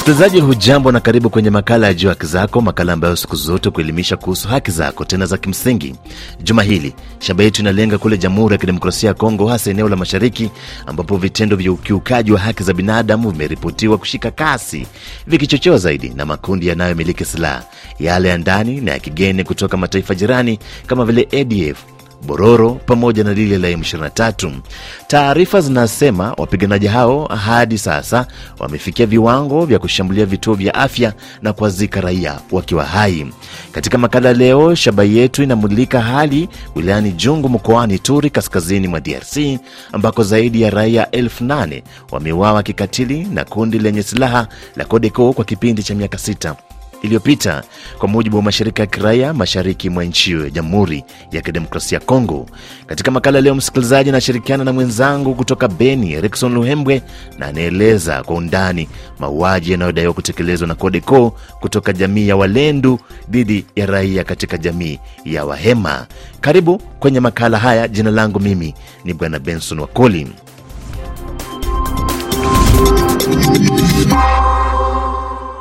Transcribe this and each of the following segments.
Msikilizaji hujambo na karibu kwenye makala ya Juu Haki Zako, makala ambayo siku zote kuelimisha kuhusu haki zako tena za kimsingi. Juma hili shamba yetu inalenga kule Jamhuri ya Kidemokrasia ya Kongo, hasa eneo la mashariki, ambapo vitendo vya ukiukaji wa haki za binadamu vimeripotiwa kushika kasi, vikichochewa zaidi na makundi yanayomiliki silaha, yale ya ndani na ya kigeni kutoka mataifa jirani kama vile ADF Bororo pamoja na lile la M23. Taarifa zinasema wapiganaji hao hadi sasa wamefikia viwango vya kushambulia vituo vya afya na kuwazika raia wakiwa hai. Katika makala leo, shaba yetu inamulika hali wilayani Jungu mkoani Turi kaskazini mwa DRC ambako zaidi ya raia elfu nane wameuawa kikatili na kundi lenye silaha la Kodeko kwa kipindi cha miaka sita iliyopita, kwa mujibu wa mashirika ya kiraia mashariki mwa nchi hiyo ya Jamhuri ya Kidemokrasia ya Kongo. Katika makala leo, msikilizaji, nashirikiana na mwenzangu kutoka Beni, Erikson Luhembwe, na anaeleza kwa undani mauaji yanayodaiwa kutekelezwa na CODECO kutoka jamii ya Walendu dhidi ya raia katika jamii ya Wahema. Karibu kwenye makala haya. Jina langu mimi ni Bwana Benson Wakoli.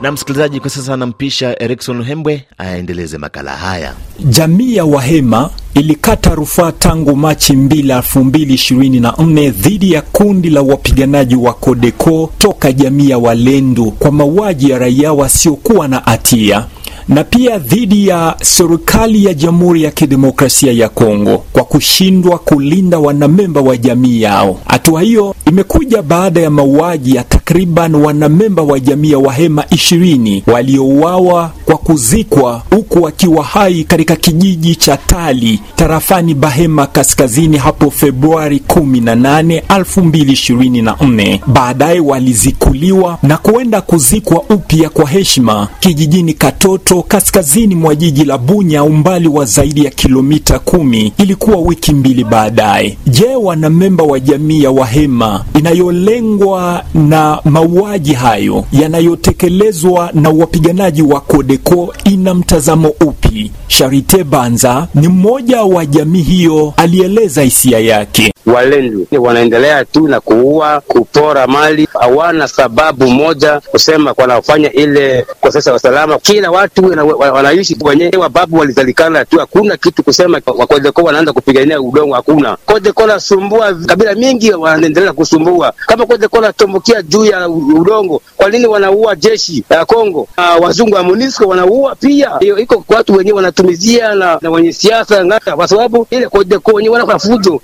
Na msikilizaji, kwa sasa anampisha Erikson Hembwe aendeleze makala haya. Jamii ya Wahema ilikata rufaa tangu Machi 2, 2024 dhidi ya kundi la wapiganaji wa Kodeko toka jamii ya Walendu kwa mauaji ya raia wasiokuwa na hatia na pia dhidi ya serikali ya Jamhuri ya Kidemokrasia ya Kongo kwa kushindwa kulinda wanamemba wa jamii yao. Hatua hiyo imekuja baada ya mauaji ya takriban wanamemba wa jamii ya Wahema ishirini waliouawa kwa kuzikwa huku wakiwa hai katika kijiji cha Tali tarafani Bahema kaskazini hapo Februari 18, 2024. Baadaye walizikuliwa na kuenda kuzikwa upya kwa heshima kijijini Katoto kaskazini mwa jiji la Bunya, umbali wa zaidi ya kilomita kumi. Ilikuwa wiki mbili baadaye. Je, wanamemba wa jamii ya Wahema inayolengwa na mauaji hayo yanayotekelezwa na wapiganaji wa Kodeko ina mtazamo upi? Sharite Banza ni mmoja wa jamii hiyo, alieleza hisia yake walendu wanaendelea tu na kuua, kupora mali, hawana sababu moja kusema wanafanya ile kwa sasa usalama. Kila watu wanaishi wenyewe, wababu walizalikana tu, hakuna kitu kusema wakodeko wanaanza kupigania udongo, hakuna kodeko nasumbua kabila mingi wanaendelea kusumbua. Kama kodeko natombokia juu ya udongo, kwa nini wanaua jeshi ya Kongo? na ah, wazungu wa MONUSCO wanaua pia, hiyo iko watu wenyewe wanatumizia na, na wenye siasa, kwa sababu ile kodeko wenyewe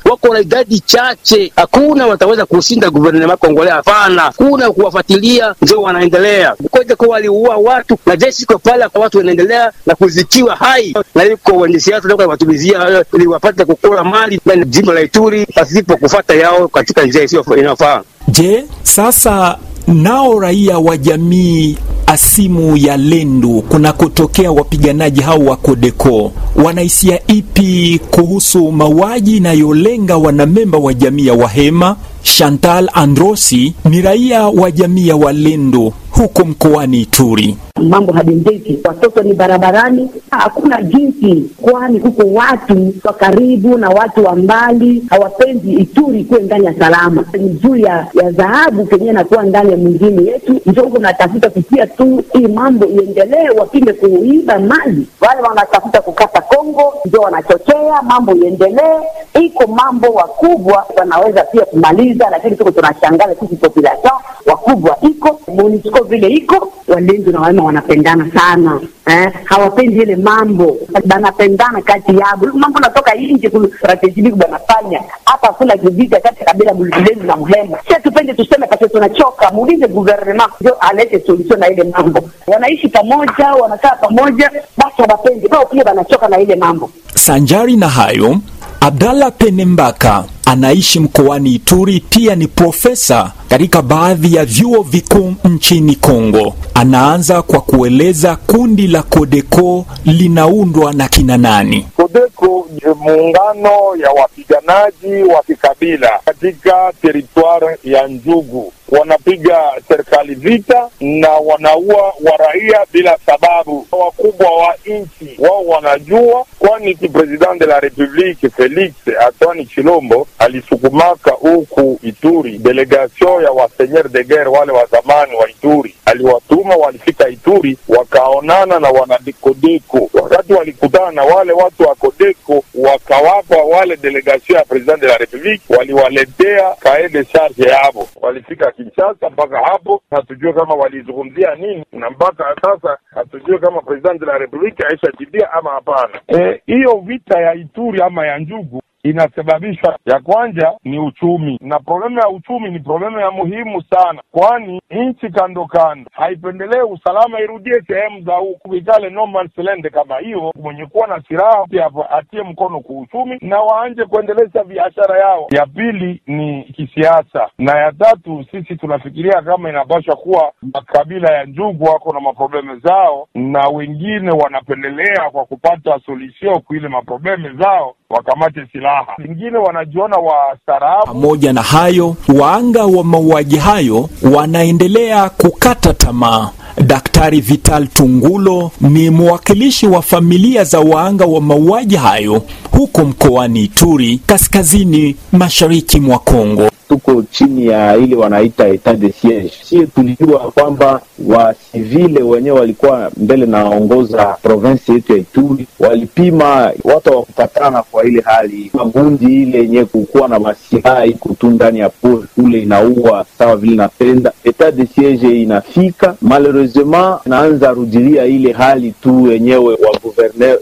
wako na idadi zaidi chache, hakuna wataweza kushinda guvernema Kongole. Hapana, kuna kuwafuatilia, ndio wanaendelea kwa waliua watu na jeshi kwa pala kwa watu wanaendelea na kuzikiwa hai, na iko wanasiasa tunataka kuwatumizia eh, ili wapate kukula mali na jimbo la Ituri pasipo kufuata yao katika njia isiyo inayofaa. Je, sasa Nao raia wa jamii asimu ya Lendu kunakotokea wapiganaji hao wa Kodeko wanahisia ipi kuhusu mauaji inayolenga wanamemba wa jamii ya Wahema? Chantal Androsi ni raia wa jamii ya Walendo huko mkoani Ituri. Mambo hadendeki, watoto ni barabarani, hakuna jinsi, kwani huko watu wa karibu na watu wa mbali hawapendi Ituri kuwe ndani ya salama. Ni juu ya dhahabu kenyewe nakuwa ndani ya mwingine yetu, njo huko natafuta kutia tu hii mambo iendelee, wapinde kuiba mali. Wale wanatafuta kukata Kongo ndio wanachochea mambo iendelee. Iko mambo wakubwa wanaweza pia kumaliza shida, lakini tuko tunashangaza sisi population wakubwa iko MONUSCO vile iko walenzi na wema wanapendana sana eh, hawapendi ile mambo, banapendana kati yabo mambo natoka nje kulu strategy banafanya hapa. Kuna kivita kati ya kabila mlenzi na mhema, sisi tupende tuseme, kasi tunachoka. Muulize gouvernement ndio alete solution na ile mambo. Wanaishi pamoja, wanakaa pamoja, basi wanapendi wao, pia banachoka na ile mambo. Sanjari na hayo, Abdalla Penembaka anaishi mkoani Ituri, pia ni profesa katika baadhi ya vyuo vikuu nchini Kongo. Anaanza kwa kueleza kundi la Kodeko linaundwa na kina nani. Kodeko ni muungano ya wapiganaji wa kikabila katika teritwari ya Njugu wanapiga serikali vita na wanaua waraia bila sababu. Wakubwa wa nchi wao wanajua, kwani ki president de la republique Felix Antoine Chilombo alisukumaka huku Ituri, delegation ya waseigneur de guerre wale wa zamani wa Ituri aliwatuma, walifika Ituri wakaonana na wanadekodeko. Wakati walikutana na wale watu wa Kodeko, wakawapa wale delegation ya president de la republique, waliwaletea kae de charge yavo, walifika Kinshasa. Mpaka hapo hatujue kama walizungumzia nini, na mpaka sasa hatujue kama presidenti la republiki aishajibia ama hapana. Eh, hiyo e, vita ya Ituri ama ya Njugu inasababishwa, ya kwanza ni uchumi, na problemu ya uchumi ni problemu ya muhimu sana, kwani nchi kando kando haipendelee usalama irudie sehemu za huku, ikale no man's land kama hiyo. Mwenye kuwa na silaha pia atie mkono kwa uchumi na waanje kuendeleza biashara yao. Ya pili ni kisiasa, na ya tatu sisi tunafikiria kama inapashwa kuwa makabila ya njugu wako na maprobleme zao, na wengine wanapendelea kwa kupata solution kuile maprobleme zao wakamate silaha, wengine wanajiona wastaarabu. Pamoja na hayo, waanga wa mauaji hayo wanaendelea kukata tamaa. Daktari Vital Tungulo ni mwakilishi wa familia za waanga wa mauaji hayo huko mkoani Ituri, kaskazini mashariki mwa Kongo tuko chini ya ile wanaita etat de siege. Sie tulijua kwamba wasivile wenyewe walikuwa mbele naongoza provinsi yetu ya Ituri, walipima watu wakupatana kwa ile hali magundi ile yenye kukuwa na masilaha iko tu ndani ya pori kule, inaua sawa vile napenda. Etat de siege inafika malheureusement, naanza rudilia ile hali tu wenyewe wa gouverneur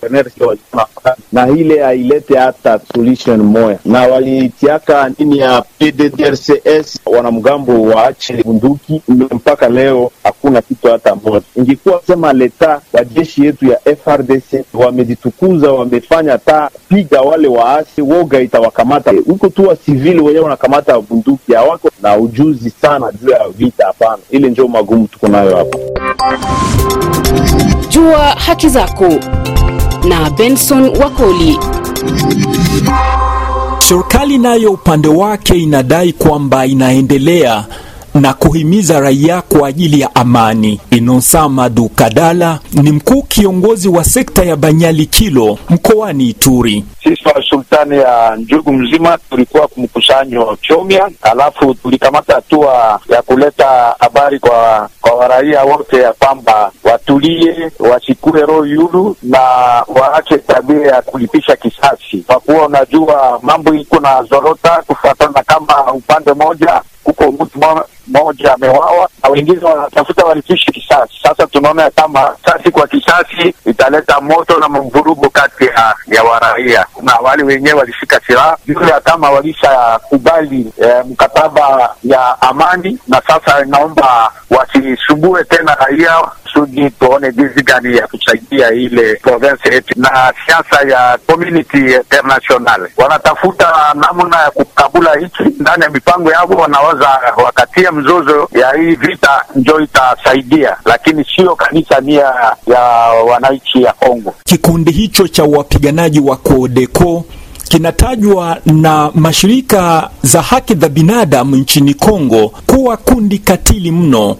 na ile ailete hata solution moya, na walitiaka nini ya PDD FARDC wanamgambo waache bunduki, mpaka leo hakuna kitu hata moja. Ingekuwa sema leta wa jeshi yetu ya frdc wamejitukuza, wamefanya ta piga wale waasi, woga itawakamata huko tu. Wa sivili wenyewe wanakamata bunduki, hawako na ujuzi sana juu ya vita. Hapana, ile ndio magumu tuko nayo hapa. Jua haki zako na Benson Wakoli. Serikali nayo upande wake inadai kwamba inaendelea na kuhimiza raia kwa ajili ya amani. Inosa Madu Kadala ni mkuu kiongozi wa sekta ya Banyali Kilo mkoani Ituri. Sisi wa sultani ya Njugu mzima tulikuwa kumkusanyo Chomia, alafu tulikamata hatua ya kuleta habari kwa kwa waraia wote ya kwamba watulie, wasikue roho yulu na waache tabia ya kulipisha kisasi, kwa kuwa unajua mambo iko na zorota kufuatana kama upande moja ambako mtu mmoja amewawa na wengine wanatafuta walipishi kisasi. Sasa tunaona kama kisasi kwa kisasi italeta moto na mvurugo kati ya, ya waraia na wale wenyewe walishika silaha juu ya kama walishakubali eh, mkataba ya amani, na sasa inaomba wasisumbue tena raia kusudi tuone jinsi gani ya kusaidia ile province yetu, na siasa ya community international wanatafuta namna ya kukabula hiki ndani ya mipango yao. Wanaweza wakatia mzozo ya hii vita, njo itasaidia, lakini sio kabisa nia ya wananchi ya Kongo. Kikundi hicho cha wapiganaji wa Codeco kinatajwa na mashirika za haki za binadamu nchini Kongo kuwa kundi katili mno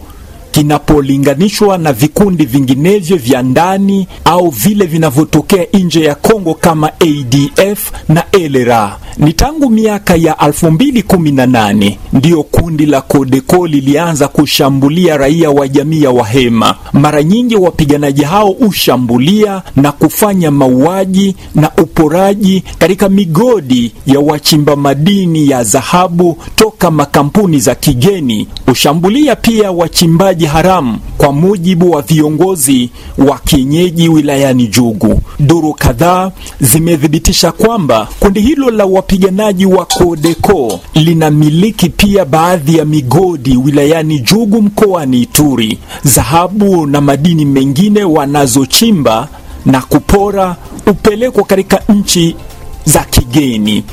kinapolinganishwa na vikundi vinginevyo vya ndani au vile vinavyotokea nje ya Kongo kama ADF na LRA. Ni tangu miaka ya 2018 ndiyo kundi la Kodeko lilianza kushambulia raia wa jamii ya Wahema. Mara nyingi wapiganaji hao hushambulia na kufanya mauaji na uporaji katika migodi ya wachimba madini ya dhahabu toka makampuni za kigeni. Hushambulia pia wachimbaji mauaji haramu, kwa mujibu wa viongozi wa kienyeji wilayani Jugu. Duru kadhaa zimethibitisha kwamba kundi hilo la wapiganaji wa Kodeko linamiliki pia baadhi ya migodi wilayani Jugu mkoani Ituri. Dhahabu na madini mengine wanazochimba na kupora upelekwa katika nchi za kigeni.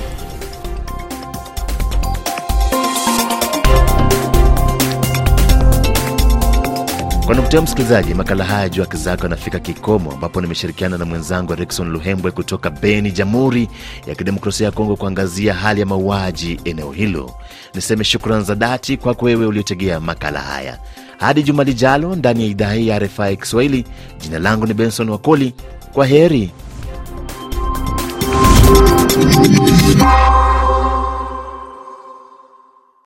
Kwa nukta msikilizaji, makala haya juu haki zako yanafika kikomo, ambapo nimeshirikiana na mwenzangu Erikson Luhembwe kutoka Beni, Jamhuri ya Kidemokrasia ya Kongo, kuangazia hali ya mauaji eneo hilo. Niseme shukrani za dhati kwako wewe uliotegea makala haya. Hadi juma lijalo ndani ya idhaa hii ya RFI Kiswahili, jina langu ni Benson Wakoli. Kwa heri.